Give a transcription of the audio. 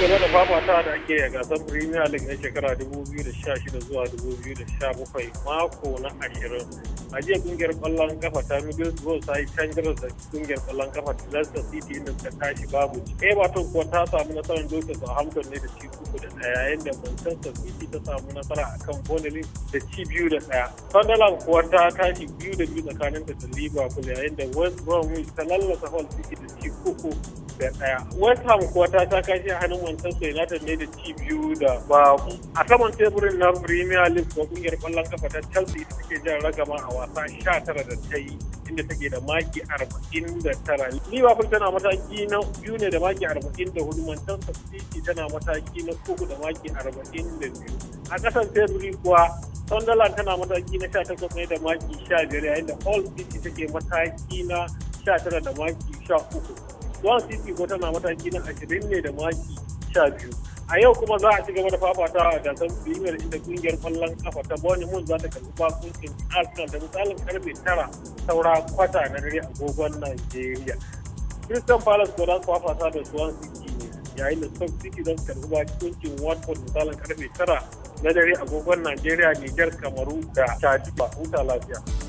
gaba da fafata da ake a gasar Premier League na shekara 2016 zuwa 2017 mako na 20. A jiya kungiyar kwallon kafa ta Middlesbrough ta yi canjar da kungiyar kwallon kafa ta Leicester City inda ta tashi babu. Everton kuwa ta samu nasarar dokin Southampton ne da ci uku da ɗaya yayin da Manchester City ta samu nasara a kan Burnley da ci biyu da ɗaya. Sunderland kuwa ta tashi biyu da biyu tsakaninta da Liverpool yayin da West Bromwich ta lallasa Hull City da ci uku da ɗaya. West Ham kuwa ta ta kashi a hannun Manchester United ne da ci biyu da baku. A saman teburin na Premier League ko kungiyar ƙwallon kafa ta Chelsea ita take jan ragama a wasa sha tara da ta yi inda take da maki arba'in da tara. Liverpool tana mataki na biyu ne da maki arba'in da hudu Manchester City tana mataki na uku da maki arba'in da biyu a ƙasan teburi kuwa sunderland tana mataki na sha takwas ne da maki sha biyar yayin da all city take mataki na sha tara da maki sha uku one city ko tana mataki na ashirin ne da maki sha biyu a yau kuma za a ci gaba da fafata a gasar premier inda kungiyar kwallon kafa ta mun za ta karbi bakuncin arsenal da misalin karfe tara saura kwata na dare agogon nigeria christian palace ko don fafata da swansea yayin da stock city don karɓi cikin watford misalin karfe tara na dare agogon najeriya niger kamaru da chad ba huta lafiya